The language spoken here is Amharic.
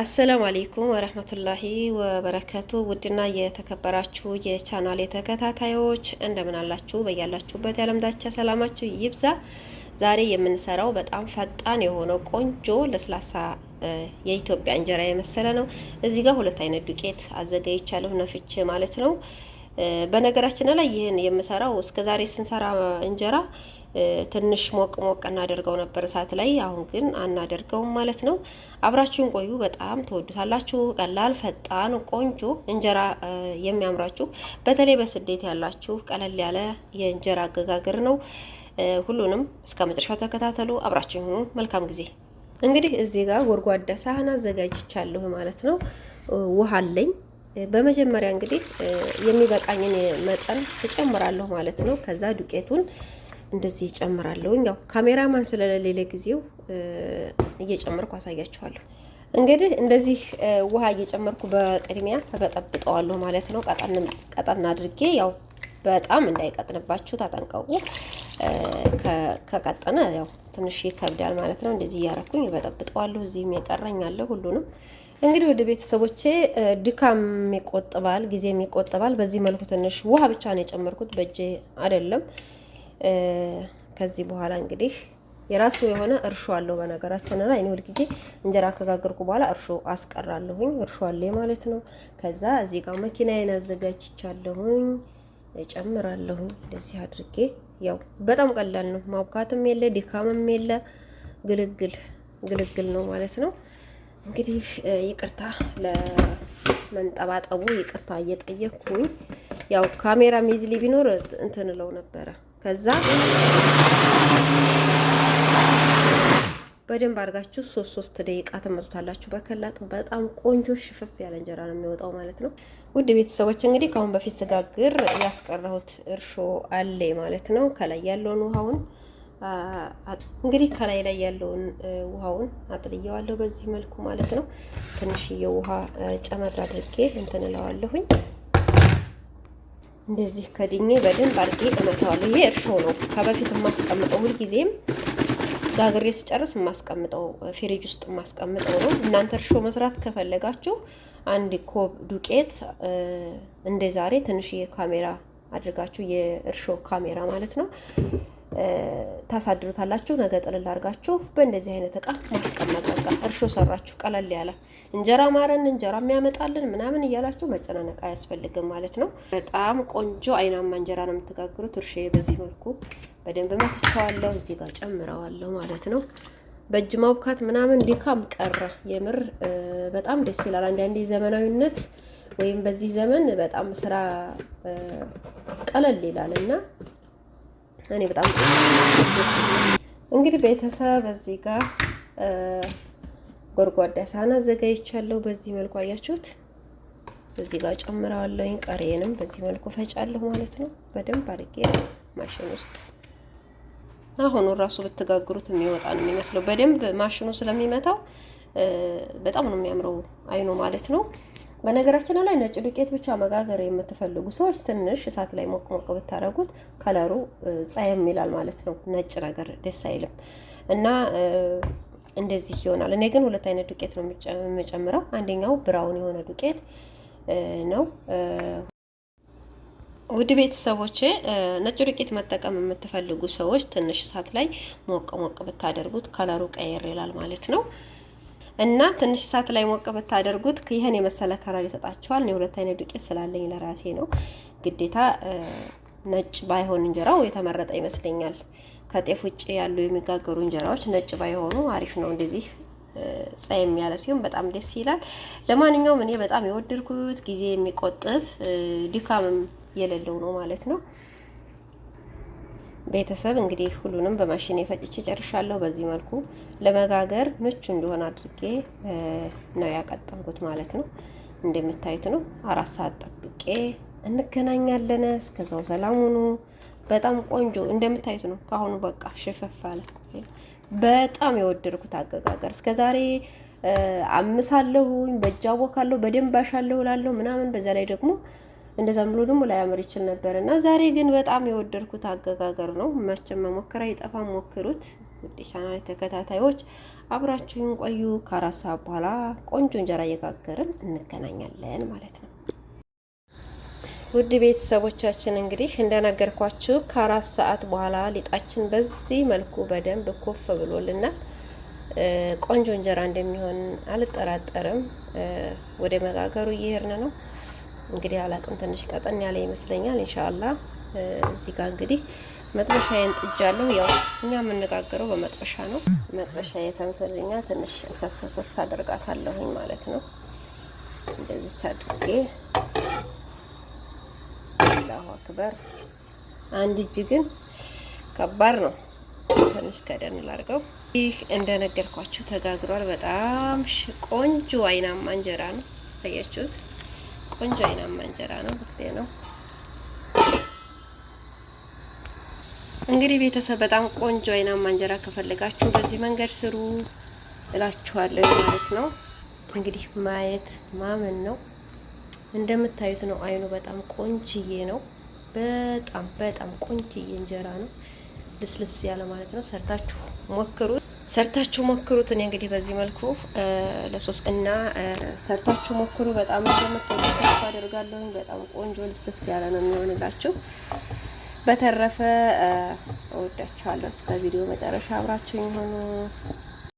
አሰላሙ አሌይኩም ወረህመቱላሂ ወበረከቱ። ውድና የተከበራችሁ የቻናል የተከታታዮች እንደምን አላችሁ? በያላችሁበት የዓለም ዳርቻ ሰላማችሁ ይብዛ። ዛሬ የምንሰራው በጣም ፈጣን የሆነው ቆንጆ ለስላሳ የኢትዮጵያ እንጀራ የመሰለ ነው። እዚህ ጋር ሁለት አይነት ዱቄት አዘጋጅቻለሁ ነፍቼ ማለት ነው። በነገራችን ላይ ይህን የምሰራው እስከዛሬ ስንሰራ እንጀራ ትንሽ ሞቅ ሞቅ እናደርገው ነበር እሳት ላይ። አሁን ግን አናደርገውም ማለት ነው። አብራችሁን ቆዩ፣ በጣም ትወዱታላችሁ። ቀላል፣ ፈጣን፣ ቆንጆ እንጀራ የሚያምራችሁ በተለይ በስደት ያላችሁ ቀለል ያለ የእንጀራ አገጋገር ነው። ሁሉንም እስከ መጨረሻው ተከታተሉ፣ አብራችሁ ይሁኑ። መልካም ጊዜ። እንግዲህ እዚህ ጋር ጎድጓዳ ሳህን አዘጋጅቻለሁ ማለት ነው። ውሃ አለኝ በመጀመሪያ እንግዲህ የሚበቃኝን መጠን እጨምራለሁ ማለት ነው። ከዛ ዱቄቱን እንደዚህ እጨምራለሁ። ያው ካሜራማን ስለሌለ ጊዜው እየጨመርኩ አሳያችኋለሁ። እንግዲህ እንደዚህ ውሃ እየጨመርኩ በቅድሚያ ተበጠብጠዋለሁ ማለት ነው። ቀጠና አድርጌ ያው በጣም እንዳይቀጥንባችሁ ተጠንቀቁ። ከቀጠነ ያው ትንሽ ይከብዳል ማለት ነው። እንደዚህ እያረኩኝ በጠብጠዋለሁ። እዚህም የቀረኛለሁ ሁሉንም እንግዲህ ወደ ቤተሰቦቼ ድካም ይቆጥባል፣ ጊዜም ይቆጥባል። በዚህ መልኩ ትንሽ ውሃ ብቻ ነው የጨመርኩት፣ በእጄ አይደለም። ከዚህ በኋላ እንግዲህ የራሱ የሆነ እርሾ አለው። በነገራችን ላይ እኔ ሁልጊዜ እንጀራ ከጋገርኩ በኋላ እርሾ አስቀራለሁኝ፣ እርሾ አለ ማለት ነው። ከዛ እዚህ ጋር መኪናዬን አዘጋጅቻለሁኝ፣ እጨምራለሁኝ እንደዚህ አድርጌ። ያው በጣም ቀላል ነው፣ ማብካትም የለ ድካምም የለ፣ ግልግል ግልግል ነው ማለት ነው። እንግዲህ ይቅርታ ለመንጠባጠቡ ይቅርታ እየጠየቅኩኝ ያው ካሜራ ሚዝሊ ቢኖር እንትንለው ነበረ። ከዛ በደንብ አድርጋችሁ ሶስት ሶስት ደቂቃ ትመቱታላችሁ በከላጥ በጣም ቆንጆ ሽፍፍ ያለ እንጀራ ነው የሚወጣው ማለት ነው። ውድ ቤተሰቦች እንግዲህ ከአሁን በፊት ስጋግር ያስቀረሁት እርሾ አለ ማለት ነው። ከላይ ያለውን ውሃውን እንግዲህ ከላይ ላይ ያለውን ውሃውን አጥልየዋለሁ በዚህ መልኩ ማለት ነው። ትንሽዬ ውሃ ጨመር አድርጌ እንትን እለዋለሁኝ። እንደዚህ ከድኜ በደንብ አድርጌ እመታዋለሁ። ይሄ እርሾ ነው ከበፊት የማስቀምጠው ሁልጊዜም ጋግሬ ስጨርስ የማስቀምጠው ፍሪጅ ውስጥ የማስቀምጠው ነው። እናንተ እርሾ መስራት ከፈለጋችሁ አንድ ኮብ ዱቄት እንደ ዛሬ ትንሽዬ ካሜራ አድርጋችሁ የእርሾ ካሜራ ማለት ነው ታሳድሩታላችሁ። ነገ ጥልል አድርጋችሁ በእንደዚህ አይነት እቃ ማስቀመጥ እርሾ ሰራችሁ። ቀለል ያለ እንጀራ ማረን እንጀራ የሚያመጣልን ምናምን እያላችሁ መጨናነቅ አያስፈልግም ማለት ነው። በጣም ቆንጆ አይናማ እንጀራ ነው የምትጋግሩት። እርሼ በዚህ መልኩ በደንብ መትቸዋለሁ። እዚህ ጋር ጨምረዋለሁ ማለት ነው። በእጅ ማብካት ምናምን ዲካም ቀረ። የምር በጣም ደስ ይላል። አንዳንዴ ዘመናዊነት ወይም በዚህ ዘመን በጣም ስራ ቀለል ይላል እና እኔ በጣም እንግዲህ ቤተሰብ እዚህ ጋር ጎድጓዳ ሳህን አዘጋጅቻለሁ። በዚህ መልኩ አያችሁት። እዚህ ጋር ጨምረዋለሁ። ቀሬንም በዚህ መልኩ ፈጫለሁ ማለት ነው። በደንብ አድርጌ ማሽን ውስጥ አሁኑ ራሱ ብትጋግሩት የሚወጣ ነው የሚመስለው። በደንብ ማሽኑ ስለሚመታው በጣም ነው የሚያምረው አይኑ ማለት ነው። በነገራችን ላይ ነጭ ዱቄት ብቻ መጋገር የምትፈልጉ ሰዎች ትንሽ እሳት ላይ ሞቅ ሞቅ ብታደረጉት ከለሩ ጸየም ይላል ማለት ነው። ነጭ ነገር ደስ አይልም እና እንደዚህ ይሆናል። እኔ ግን ሁለት አይነት ዱቄት ነው የምጨምረው። አንደኛው ብራውን የሆነ ዱቄት ነው። ውድ ቤተሰቦቼ ነጭ ዱቄት መጠቀም የምትፈልጉ ሰዎች ትንሽ እሳት ላይ ሞቅ ሞቅ ብታደርጉት ከለሩ ቀየር ይላል ማለት ነው። እና ትንሽ እሳት ላይ ሞቅ ብታደርጉት ይህን የመሰለ ከለር ይሰጣችኋል። እኔ ሁለት አይነት ዱቄት ስላለኝ ለራሴ ነው ግዴታ ነጭ ባይሆን እንጀራው የተመረጠ ይመስለኛል። ከጤፍ ውጭ ያሉ የሚጋገሩ እንጀራዎች ነጭ ባይሆኑ አሪፍ ነው። እንደዚህ ጸየም ያለ ሲሆን በጣም ደስ ይላል። ለማንኛውም እኔ በጣም የወደድኩት ጊዜ የሚቆጥብ ድካምም የሌለው ነው ማለት ነው። ቤተሰብ እንግዲህ ሁሉንም በማሽን የፈጭቼ ጨርሻለሁ። በዚህ መልኩ ለመጋገር ምቹ እንዲሆን አድርጌ ነው ያቀጠንኩት ማለት ነው። እንደምታዩት ነው። አራት ሰዓት ጠብቄ እንገናኛለን። እስከዛው ሰላም ሁኑ። በጣም ቆንጆ እንደምታዩት ነው። ከአሁኑ በቃ ሽፈፍ አለ። በጣም የወደድኩት አገጋገር እስከ ዛሬ አምሳለሁኝ፣ በእጃ አቦካለሁ፣ በደንብ አሻለሁ እላለሁ ምናምን። በዛ ላይ ደግሞ እንደዛም ብሎ ደግሞ ላያምር ይችል ነበር እና ዛሬ ግን በጣም የወደድኩት አገጋገር ነው። መቼም መሞከር አይጠፋም፣ ሞክሩት። ውድ ቻናል ተከታታዮች አብራችሁን ቆዩ። ከአራት ሰዓት በኋላ ቆንጆ እንጀራ እየጋገርን እንገናኛለን ማለት ነው። ውድ ቤተሰቦቻችን እንግዲህ እንደነገርኳችሁ ከአራት ሰዓት በኋላ ሊጣችን በዚህ መልኩ በደንብ ኮፍ ብሎልናል። ቆንጆ እንጀራ እንደሚሆን አልጠራጠርም። ወደ መጋገሩ እየሄድን ነው። እንግዲህ አላቅም ትንሽ ቀጠን ያለ ይመስለኛል። እንሻላ እዚህ ጋር እንግዲህ መጥበሻዬን ጥጃለሁ። ያው እኛ የምነጋገረው በመጥበሻ ነው። መጥበሻ የሰምቶልኛ ትንሽ ሰሰሰስ አደርጋታለሁኝ ማለት ነው። እንደዚች አድርጌ አላሁ አክበር። አንድ እጅ ግን ከባድ ነው። ትንሽ ከደን ላርገው። ይህ እንደነገርኳችሁ ተጋግሯል። በጣም ቆንጆ አይናማ እንጀራ ነው። ታያችሁት ቆንጆ አይናማ እንጀራ ነው ብፌ ነው። እንግዲህ ቤተሰብ በጣም ቆንጆ አይናማ እንጀራ ከፈለጋችሁ በዚህ መንገድ ስሩ እላችኋለሁ ማለት ነው። እንግዲህ ማየት ማመን ነው። እንደምታዩት ነው። አይኑ በጣም ቆንጅዬ ነው። በጣም በጣም ቆንጅዬ እንጀራ ነው። ልስልስ ያለ ማለት ነው። ሰርታችሁ ሞክሩት። ሰርታችሁ ሞክሩት። እኔ እንግዲህ በዚህ መልኩ ለሶስት እና ሰርታችሁ ሞክሩ። በጣም እንደምትወዱ ተስፋ አደርጋለሁ። በጣም ቆንጆ ልስልስ ያለ ነው የሚሆንላችሁ። በተረፈ እወዳችኋለሁ። እስከ ቪዲዮ መጨረሻ አብራችሁ የሆኑ